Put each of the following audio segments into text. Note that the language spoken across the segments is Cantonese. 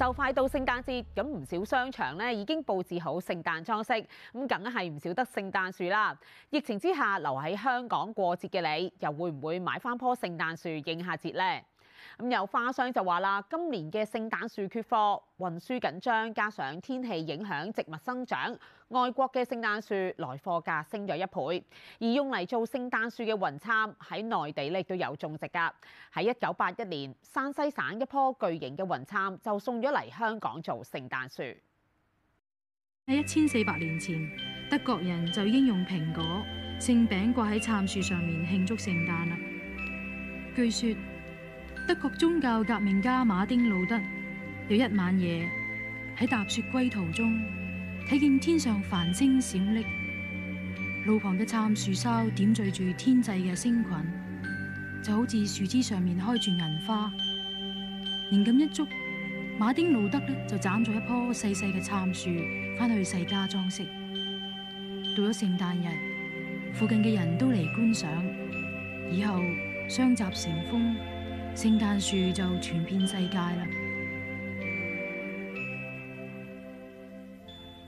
就快到聖誕節，咁唔少商場咧已經佈置好聖誕裝飾，咁梗係唔少得聖誕樹啦。疫情之下留喺香港過節嘅你，又會唔會買返棵聖誕樹應下節呢？咁有花商就話啦，今年嘅聖誕樹缺貨，運輸緊張，加上天氣影響植物生長，外國嘅聖誕樹來貨價升咗一倍。而用嚟做聖誕樹嘅雲杉喺內地亦都有種植㗎。喺一九八一年，山西省一棵巨型嘅雲杉就送咗嚟香港做聖誕樹。喺一千四百年前，德國人就應用蘋果、聖餅掛喺杉樹上面慶祝聖誕啦。據說，德國宗教革命家馬丁路德有一晚夜喺踏雪歸途中，睇見天上繁星閃爍，路旁嘅杉樹梢點綴住天際嘅星群，就好似樹枝上面開住銀花。靈感一觸，馬丁路德呢就斬咗一棵細細嘅杉樹返去世家裝飾。到咗聖誕日，附近嘅人都嚟觀賞，以後相集成風。聖誕樹就傳遍世界啦！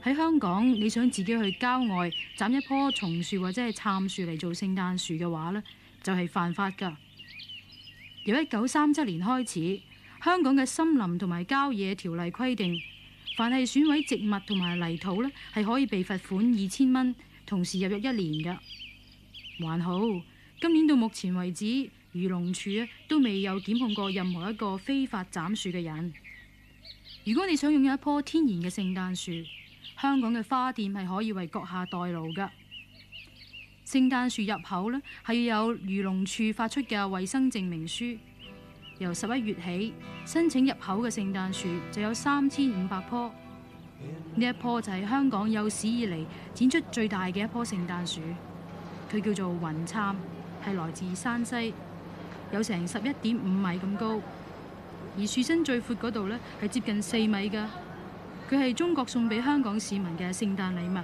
喺香港，你想自己去郊外斬一棵松樹或者係杉樹嚟做聖誕樹嘅話呢就係犯法噶。由一九三七年開始，香港嘅森林同埋郊野條例規定，凡係損毀植物同埋泥土呢係可以被罰款二千蚊，同時入獄一年噶。還好。今年到目前為止，漁農處都未有檢控過任何一個非法斬樹嘅人。如果你想擁有一棵天然嘅聖誕樹，香港嘅花店係可以為閣下代勞噶。聖誕樹入口呢，係要有漁農處發出嘅衛生證明書。由十一月起，申請入口嘅聖誕樹就有三千五百棵。呢、嗯、一棵就係香港有史以嚟展出最大嘅一棵聖誕樹，佢叫做雲杉。係來自山西，有成十一點五米咁高，而樹身最闊嗰度呢係接近四米㗎。佢係中國送俾香港市民嘅聖誕禮物，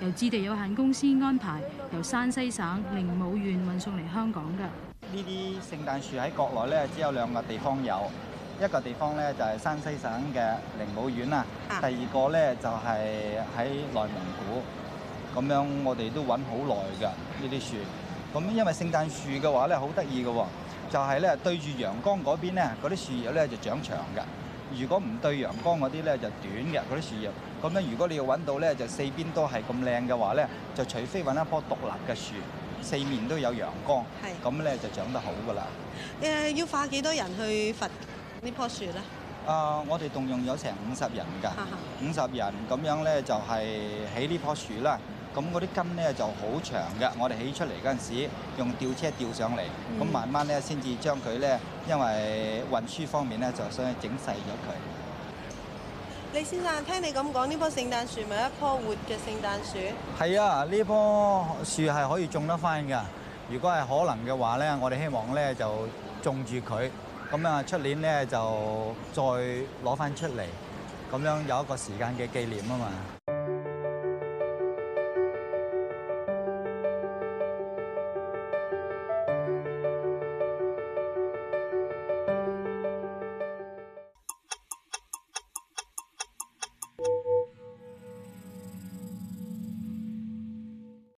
由置地有限公司安排由山西省寧武縣運送嚟香港㗎。呢啲聖誕樹喺國內呢，只有兩個地方有，一個地方呢就係山西省嘅寧武縣啊，第二個呢就係喺內蒙古。咁樣我哋都揾好耐㗎呢啲樹。咁因為聖誕樹嘅話咧，好得意嘅喎，就係、是、咧對住陽光嗰邊咧，嗰啲樹葉咧就長長嘅；如果唔對陽光嗰啲咧，就短嘅嗰啲樹葉。咁咧，如果你要揾到咧，就四邊都係咁靚嘅話咧，就除非揾一棵獨立嘅樹，四面都有陽光，咁咧是就長得好嘅啦。誒，要花幾多人去伐呢棵樹咧？呃、們啊，我哋動用咗成五十人㗎，五十人咁樣咧就係起呢棵樹啦。咁嗰啲根咧就好長嘅，我哋起出嚟嗰陣時用吊車吊上嚟，咁慢慢咧先至將佢咧，因為運輸方面咧就所以整細咗佢。李先生，聽你咁講，呢棵聖誕樹咪一棵活嘅聖誕樹？係啊，呢棵樹係可以種得翻㗎。如果係可能嘅話咧，我哋希望咧就種住佢，咁呀，出年咧就再攞翻出嚟，咁樣有一個時間嘅紀念啊嘛。